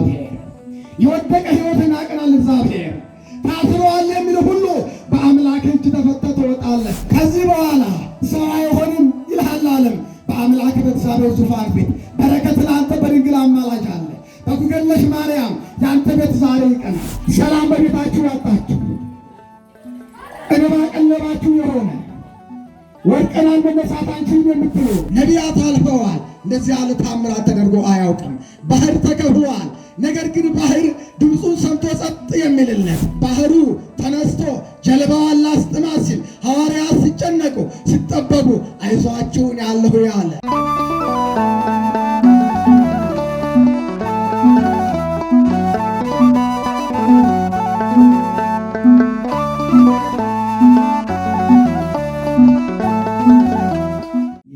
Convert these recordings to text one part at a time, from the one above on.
እግዚአብሔር። የወደቀ ህይወትን ያቀናል እግዚአብሔር። ታስሯል የሚል ሁሉ በአምላክ እጅ ተፈተህ ትወጣለህ። ከዚህ በኋላ ሰው አይሆንም ይልሃል ዓለም። በአምላክ በእግዚአብሔር ዙፋን ፊት በረከት ለአንተ በድንግል አማላጅ አለ። በኩገለሽ ማርያም የአንተ ቤት ዛሬ ይቀናል። ሰላም በቤታችሁ ያጣችሁ እንባ ቀለባችሁ የሆነ ወድቀናል መነሳት የምትሉ ነቢያት አልፈዋል። እንደዚህ ያለ ታምራት ተደርጎ አያውቅም። ባህር ተከፍሏል። ነገር ግን ባህር ድምፁን ሰምቶ ጸጥ የሚልለት ባህሩ ተነስቶ ጀልባዋን ላስጥማ ሲል ሐዋርያት ሲጨነቁ ሲጠበቡ አይዟችሁን ያለሁ ያለ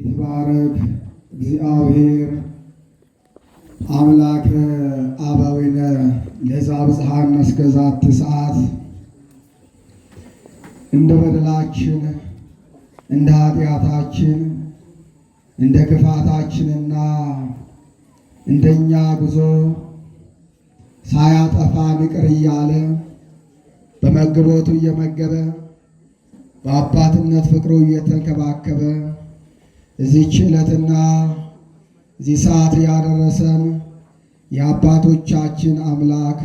ይትባረክ እግዚአብሔር አምላከ ወይነ ለዛ እስከዛት ሰዓት እንደ በደላችን እንደ ኃጢአታችን እንደ ክፋታችንና እንደኛ ጉዞ ሳያጠፋ ንቅር እያለ በመግቦቱ እየመገበ በአባትነት ፍቅሩ እየተንከባከበ እዚች ዕለትና እዚህ ሰዓት ያደረሰ የአባቶቻችን አምላክ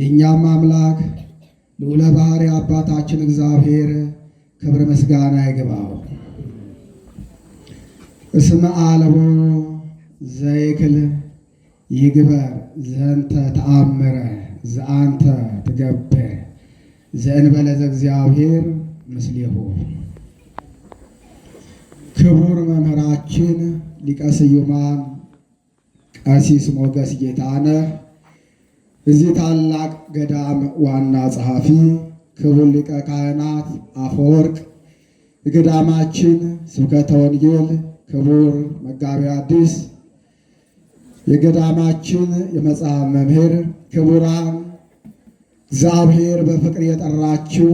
የእኛም አምላክ ልዑለ ባሕርይ አባታችን እግዚአብሔር ክብር ምስጋና ይግባው። እስመ አልቦ ዘይክል ይግበር ዘንተ ተአምረ ዘአንተ ትገብር ዘእንበለ ዘእግዚአብሔር ምስሌሁ። ክቡር መምህራችን ሊቀ ስዩማን ቀሲስ ሞገስ ጌታነህ እዚህ ታላቅ ገዳም ዋና ጸሐፊ፣ ክቡር ሊቀ ካህናት አፈወርቅ የገዳማችን ስብከተ ወንጌል ክቡር መጋቢ አዲስ የገዳማችን የመጽሐፍ መምህር ክቡራን እግዚአብሔር በፍቅር የጠራችው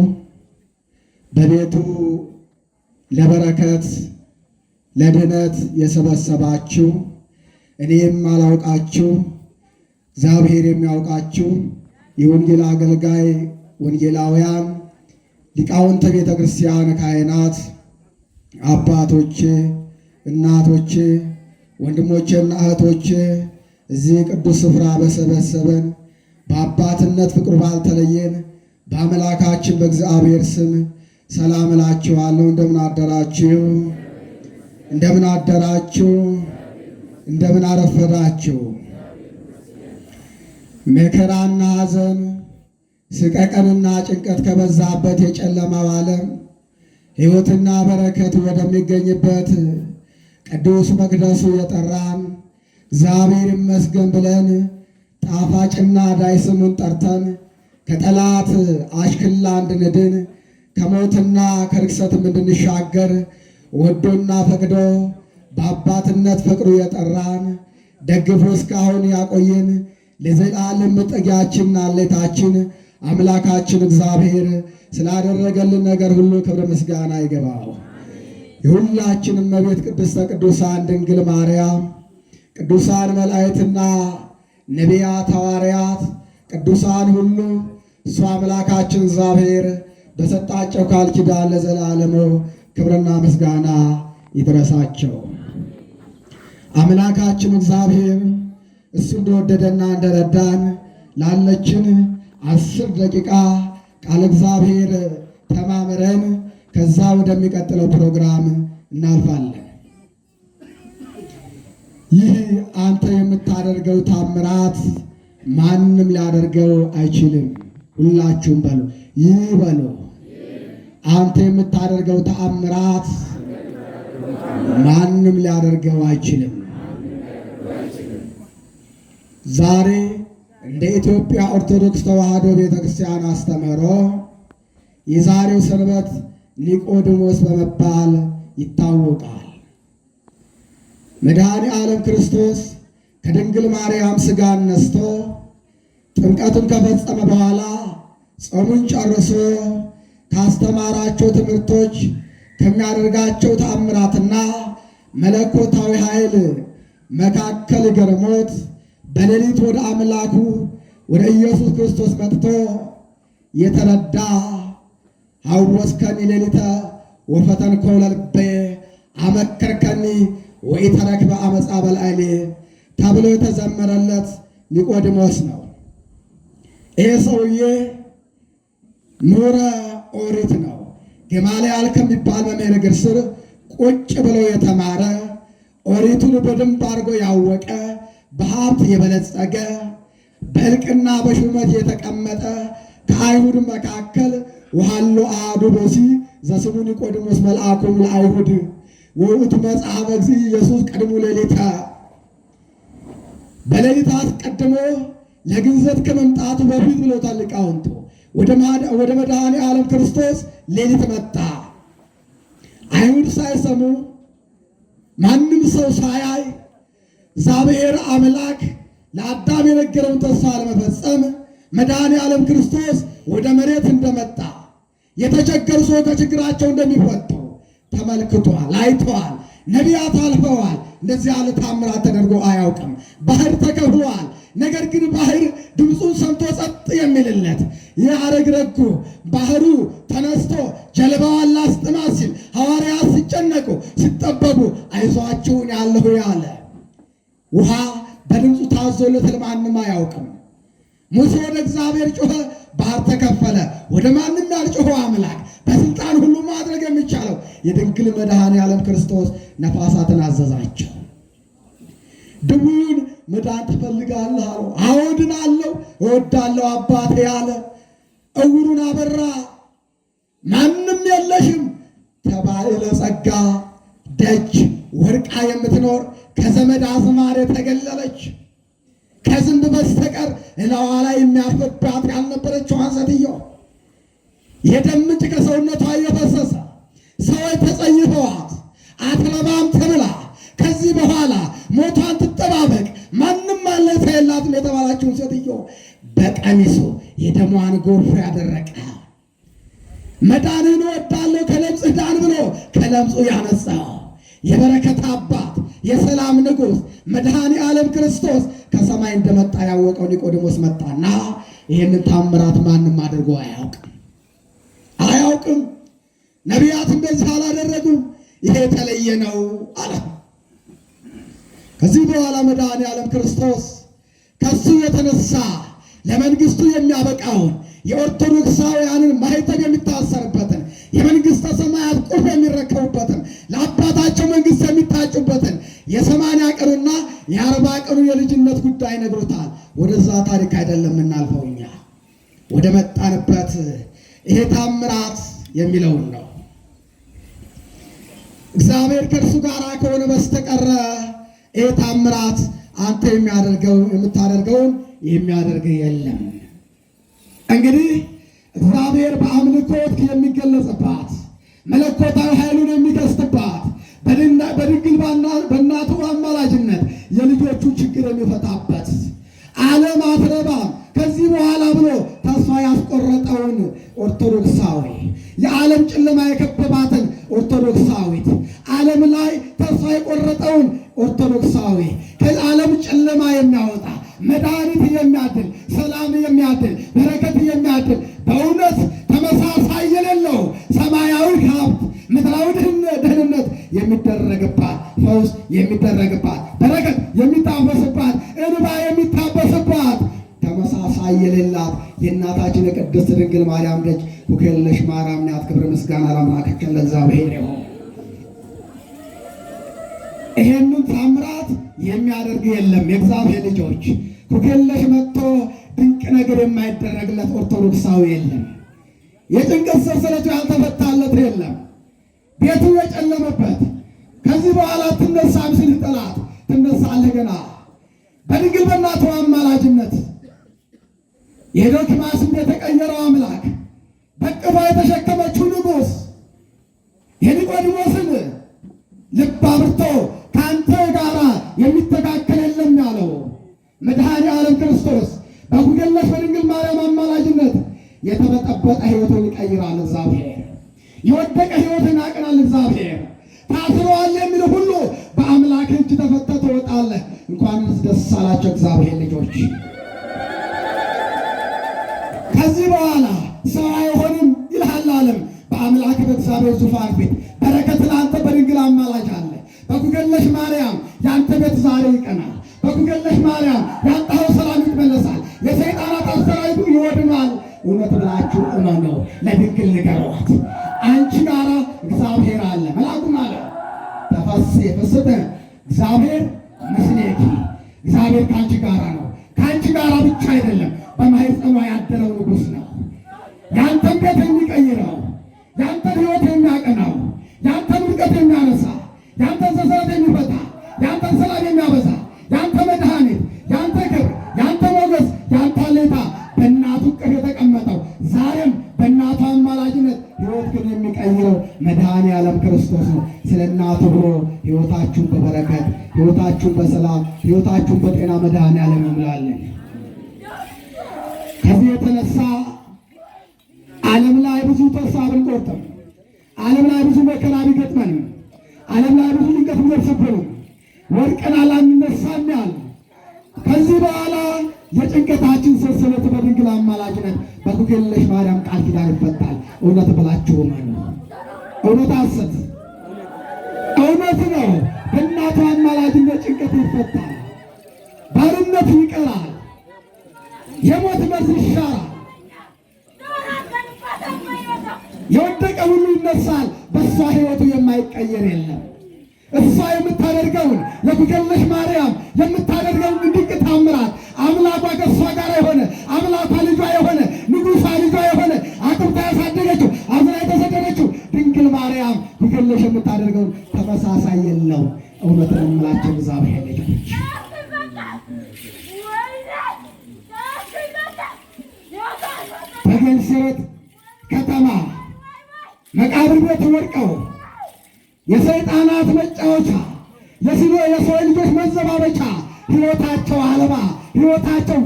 በቤቱ ለበረከት ለድኅነት የሰበሰባችው እኔም አላውቃችሁ እግዚአብሔር የሚያውቃችሁ የወንጌል አገልጋይ ወንጌላውያን፣ ሊቃውንተ ቤተ ክርስቲያን፣ ካህናት፣ አባቶቼ፣ እናቶቼ፣ ወንድሞቼና እህቶቼ እዚህ ቅዱስ ስፍራ በሰበሰበን በአባትነት ፍቅሩ ባልተለየን በአምላካችን በእግዚአብሔር ስም ሰላም እላችኋለሁ። እንደምን አደራችሁ? እንደምን አደራችሁ? እንደምን አረፈዳችሁ። መከራና ሐዘን ስቀቀንና ጭንቀት ከበዛበት የጨለማው ዓለም ሕይወትና በረከት ወደሚገኝበት ቅዱስ መቅደሱ የጠራን እግዚአብሔር ይመስገን ብለን ጣፋጭና ዳይ ስሙን ጠርተን ከጠላት አሽክላ እንድንድን ከሞትና ከርክሰትም እንድንሻገር ወዶና ፈቅዶ በአባትነት ፍቅሩ የጠራን ደግፎ እስካሁን ያቆየን ለዘላለም ጥጊያችንና አለታችን አምላካችን እግዚአብሔር ስላደረገልን ነገር ሁሉ ክብር ምስጋና ይገባው። የሁላችንም እመቤት ቅድስተ ቅዱሳን ድንግል ማርያም፣ ቅዱሳን መላእክትና ነቢያት፣ ሐዋርያት፣ ቅዱሳን ሁሉ እሱ አምላካችን እግዚአብሔር በሰጣቸው ቃል ኪዳን ለዘላለሙ ክብርና ምስጋና ይድረሳቸው። አምላካችን እግዚአብሔር እሱ እንደወደደና እንደረዳን ላለችን አስር ደቂቃ ቃለ እግዚአብሔር ተማምረን ከዛ ወደሚቀጥለው ፕሮግራም እናልፋለን። ይህ አንተ የምታደርገው ታምራት ማንም ሊያደርገው አይችልም። ሁላችሁም በሉ፣ ይህ በሉ፣ አንተ የምታደርገው ተአምራት ማንም ሊያደርገው አይችልም። ዛሬ እንደ ኢትዮጵያ ኦርቶዶክስ ተዋሕዶ ቤተ ክርስቲያን አስተምህሮ የዛሬው ሰንበት ኒቆዲሞስ በመባል ይታወቃል። መድኃኔ ዓለም ክርስቶስ ከድንግል ማርያም ስጋ ነስቶ ጥምቀቱን ከፈጸመ በኋላ ጾሙን ጨርሶ ካስተማራቸው ትምህርቶች ከሚያደርጋቸው ተአምራትና መለኮታዊ ኃይል መካከል ገርሞት በሌሊት ወደ አምላኩ ወደ ኢየሱስ ክርስቶስ መጥቶ የተረዳ ሐወስከኒ ሌሊተ ወፈተንኮ ለልቤ አመከርከኒ ወኢተረክበ አመፃ በላዕሌ ተብሎ የተዘመረለት ኒቆዲሞስ ነው። ይሄ ሰውዬ ምሁረ ኦሪት ነው። ገማልያል ከሚባል መምህር እግር ስር ቁጭ ብሎ የተማረ ኦሪቱን በደንብ አድርጎ ያወቀ በሀብት የበለጸገ በእልቅና በሹመት የተቀመጠ ከአይሁድ መካከል ውሃሎ አሐዱ ቦሲ ዘስሙ ኒቆዲሞስ መልአኩ ለአይሁድ ወውእቱ መጽሐፈ እግዚእ ኢየሱስ ቀድሞ ሌሊታ በሌሊት አስቀድሞ ለግንዘት ከመምጣቱ በፊት ብሎታል ሊቃውንቱ። ወደ መድኃኔ ዓለም ክርስቶስ ሌሊት መጣ። አይሁድ ሳይሰሙ ማንም ሰው ሳያይ እግዚአብሔር አምላክ ለአዳም የነገረውን ተስፋ ለመፈጸም መድኃኔ ዓለም ክርስቶስ ወደ መሬት እንደመጣ የተቸገሩ ሰዎች ከችግራቸው እንደሚፈቱ ተመልክቷል፣ አይተዋል። ነቢያት አልፈዋል። እንደዚህ ያለ ታምራት ተደርጎ አያውቅም። ባህር ተከፍሏል። ነገር ግን ባህር ድምፁን ሰምቶ ጸጥ የሚልለት የአረግ ረጉ ባህሩ ተነስቶ ጀልባዋን ላስጥማ ሲል ሐዋርያት ሲጨነቁ ሲጠበቡ አይዟችሁን ያለሁ ያለ ውሃ በድምፁ ታዞለት ማንም አያውቅም። ሙሴ ወደ እግዚአብሔር ጮኸ፣ ባህር ተከፈለ። ወደ ማንም ያልጮኸ አምላክ በስልጣን ሁሉ ማድረግ የሚቻለው የድንግል መድኃኔ ዓለም ክርስቶስ ነፋሳትን አዘዛቸው። ድውዩን መዳን ትፈልጋለህ አለው። አዎ እወዳለሁ አባቴ አለ። እውሩን አበራ፣ ማንም የለሽም ተባለ። ለጸጋ ደጅ ወርቃ የምትኖር ከዘመድ አዝማድ የተገለለች ከዝንብ በስተቀር እላዋ ላይ የሚያርፍባት ያልነበረችዋን ሴትዮ የደም ምንጭ ከሰውነቷ እየፈሰሰ ሰዎች ተጸይፈዋት አትረባም ትብላ ከዚህ በኋላ ሞቷን ትጠባበቅ ማንም ማለፊያ የላትም የተባላችውን ሴትዮ በቀሚሱ የደሟን ጎርፍ ያደረቀ መዳንን ወዳለው ከለምጽ ዳን ብሎ ከለምጹ ያነሳው የበረከት አባ የሰላም ንጉሥ መድኃኒ ዓለም ክርስቶስ ከሰማይ እንደመጣ ያወቀው ኒቆዲሞስ መጣና ይህንን ታምራት ማንም አድርጎ አያውቅም አያውቅም፣ ነቢያት እንደዚህ አላደረጉም፣ ይሄ የተለየ ነው አለ። ከዚህ በኋላ መድኃኒ ዓለም ክርስቶስ ከሱ የተነሳ ለመንግስቱ የሚያበቃውን የኦርቶዶክሳውያንን ማኅተም የሚታሰርበትን የመንግስት ሰማያት ቁልፍ የሚረከቡበትን ነግሮታል። ወደዛ ታሪክ አይደለም የምናልፈው እኛ ወደ መጣንበት ይሄ ታምራት የሚለውን ነው። እግዚአብሔር ከእርሱ ጋር ከሆነ በስተቀረ ይሄ ታምራት አንተ የሚያደርገው የምታደርገውን የሚያደርግ የለም። እንግዲህ እግዚአብሔር በአምልኮት የሚገለጽባት መለኮታዊ ኃይሉን የሚገስትባት በድና በድንግል በእናቱ አማላጅነት የልጆቹ ችግር የሚፈታበት ዓለም አትረባ ከዚህ በኋላ ብሎ ተስፋ ያስቆረጠውን ኦርቶዶክሳዊ የዓለም ጨለማ የከበባትን ኦርቶዶክሳዊት ዓለም ላይ ተስፋ የቆረጠውን ኦርቶዶክሳዊ ከዓለም ጨለማ የሚያወጣ መድኃኒት የሚያድል ሰላም የሚያድል በረከት የሚያድል በእውነት የሚደረግባት ፈውስ የሚደረግባት በረከት የሚታፈስባት እንባ የሚታበስባት ተመሳሳይ የሌላት የእናታችን የቅድስት ድንግል ማርያም ደጅ ኩክል ነሽ ማርያም ናት። ክብር ምስጋና ለአምላካችን ለእግዚአብሔር ይሁን። ይሄንን ታምራት የሚያደርግ የለም። የእግዚአብሔር ልጆች ኩክለሽ መጥቶ ድንቅ ነገር የማይደረግለት ኦርቶዶክሳዊ የለም። የጭንቀት ሰንሰለቱ ያልተፈታለት የለም። ቤቱ የጨለመበት ከዚህ በኋላ ትነሳ ሲል ጠላት ትነሳለህ ገና በድንግል በእናቱ አማላጅነት የዶኪማስም የተቀየረው አምላክ በቅባ የተሸከመችው ንጉስ የኒቆዲሞስን ልብ አብርቶ ከአንተ ጋር የሚተካከል የለም ያለው መድኃኔ ዓለም ክርስቶስ በጉደለሽ በድንግል ማርያም አማላጅነት የተበጠበጠ ሕይወቱን ይቀይራል እግዚአብሔር። የወደቀ ህይወትን ያቀናል እግዚአብሔር። ታስረዋል የሚል ሁሉ በአምላክ እጅ ተፈተህ ትወጣለህ። እንኳንስ ደስ አላቸው እግዚአብሔር ልጆች። ከዚህ በኋላ ሰው አይሆንም ይልሃል ዓለም በአምላክ በእግዚአብሔር ዙፋን ፊት በረከት ለአንተ በድንግል አማላጅ አለ። በኩገለሽ ማርያም የአንተ ቤት ዛሬ ይቀናል። በኩገለሽ ማርያም ያጣኸው ሰላም ይመለሳል። የሰይጣናት አሰራዊቱ ይወድማል። እውነት ብላችሁ እመኑ፣ ለድንግል ንገሯት። አንቺ ጋራ እግዚአብሔር አለ። መልአኩ ማለት ተፈሴ ፍስተ እግዚአብሔር ምስሌኪ እግዚአብሔር ከአንቺ ጋራ ነው። ከአንቺ ብቻ አይደለም፣ በማህፀኗ ያደረው ንጉሥ ነው። ያንተን ቤት የሚቀይረው፣ ያንተን ህይወት የሚያቀናው፣ ያንተን ውድቀት የሚያነሳ፣ ያንተን ሰሰረት የሚፈታ፣ ሰላም የሚያበዛ መድኃኔ ዓለም ክርስቶስ ነው። ስለ እናቱ ብሎ ሕይወታችሁን በበረከት ሕይወታችሁን በሰላም ሕይወታችሁን በጤና መድኃኔ ዓለም እንላለን። ከዚህ የተነሳ ዓለም ላይ ብዙ ተስፋ ብንቆርጥም፣ ዓለም ላይ ብዙ መከራ ቢገጥመን፣ ዓለም ላይ ብዙ ጭንቀት ቢደርስብን ወድቀን አላንነሳም ያለ ከዚህ በኋላ የጭንቀታችን ሰንሰለት በድንግል አማላጅነት በኩክየለሽ ማርያም ቃል ኪዳን ይፈታል። እውነት ብላችሁ እውነት ሐሰት እውነት ነው። በእናቱ አማላጅነት ጭንቀት ይፈታል፣ ባርነት ይቀራል፣ የሞት መርዝ ይሻራል፣ የወደቀ ሁሉ ይነሳል። በእሷ ህይወቱ የማይቀየር የለም። እሷ የምታደርገውን ለጉገልነሽ ማርያም የምታደርገውን ድንቅ ታምራት አምላኳ ከእሷ ጋር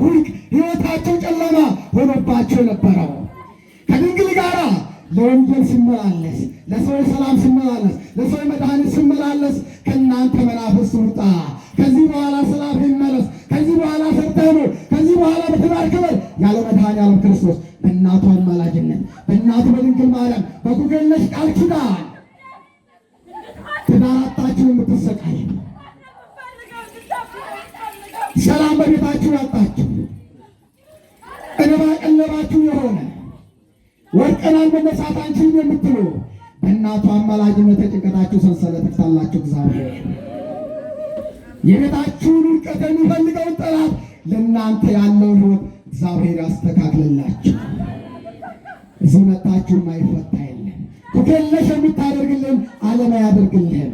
ሁልክ ህይወታቸው ጨለማ ሆኖባቸው የነበረው ከድንግል ጋር ለወንጌል ስመላለስ፣ ለሰው ሰላም ስመላለስ፣ ለሰው መድኃኒት ስመላለስ ከእናንተ መናፍስ ውጣ። ከዚህ በኋላ ሰላም ይመለስ። ከዚህ በኋላ ሰርተኑ። ከዚህ በኋላ በትዳር ክብር ያለ መድኃኔዓለም ክርስቶስ በእናቱ አማላጅነት በእናቱ በድንግል ማርያም በኩገለሽ ቃል ኪዳን ትዳር አጣችሁ የምትሰቃይ ሰላም በቤታችሁ ያጣ ወድቀናል መነሳት አንችልም የምትሉ በእናቱ አማላጅነት የጭንቀታችሁ ሰንሰለት ትፈታላችሁ። እግዚአብሔር የቤታችሁን ውድቀት የሚፈልገውን ጠላት ለእናንተ ያለውን ሕይወት እግዚአብሔር ያስተካክልላችሁ። እዚህ መታችሁ ማይፈታ የለም። ኩክለሽ የምታደርግልን ዓለም አያደርግልህም።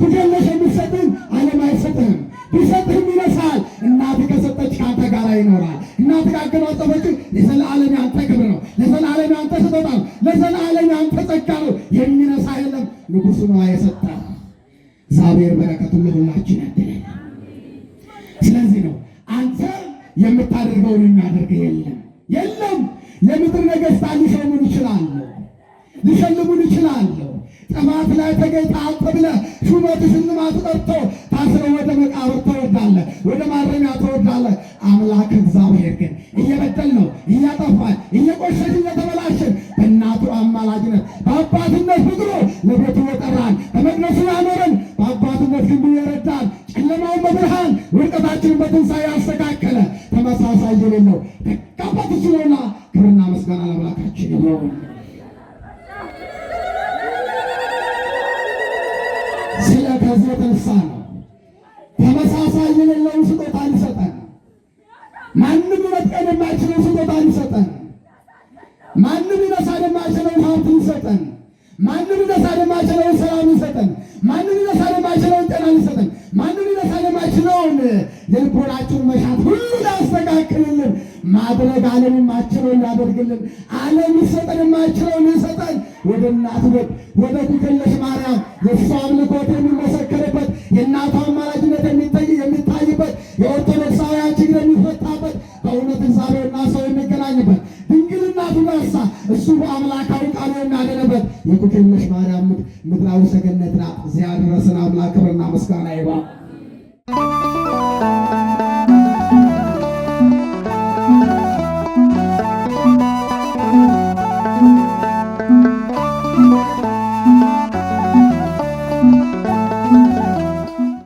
ኩክለሽ የሚሰጥህም ዓለም አይሰጥህም። ቢሰጥህም ይነሳል። እናት ከሰጠች ከአንተ ጋር ይኖራል። እናት ካገናጸበች የዘለዓለም ያንተ ክብር ነው። ንጉሱ ነው የሰጣ። እግዚአብሔር በረከቱን ለሁላችን ያድለን። ስለዚህ ነው አንተ የምታደርገውን የሚያደርግ የለም የለም። የምድር ነገሥታት ሊሾሙን ይችላለሁ፣ ሊሸልሙን ይችላለሁ። ጥማት ላይ ተገኝተህ ብለህ ሹመት ሽልማት ጠርቶ ታስረው ወደ መቃብር ትወርዳለህ፣ ወደ ማረሚያ ትወርዳለህ። አምላክ እግዚአብሔር ግን እየበደል ነው እያጠፋን እየቆሸሽ እየተበላሽን ውድቀታችንን በትንሣኤ ያስተካከለ ተመሳሳይ የሌለው ደጋባት ስለሆና ክብርና ምስጋና ለአምላካችን ይሆን። ስለ ከዚህ የተነሳ ነው ተመሳሳይ የሌለውን ስጦታ ሊሰጠን፣ ማንም መጥቀን የማይችለው ስጦታ ሊሰጠን፣ ማንም ይነሳን የማይችለውን ሀብት ሊሰጠን፣ ማንም አድረግ ዓለም ማችለው ያደርግልን። ዓለም ይሰጠን የማችለው ይሰጠን። ወደ እናት ቤት ወደ ትክለሽ ማርያም የእሷ አምልኮት የሚመሰከርበት የእናቷ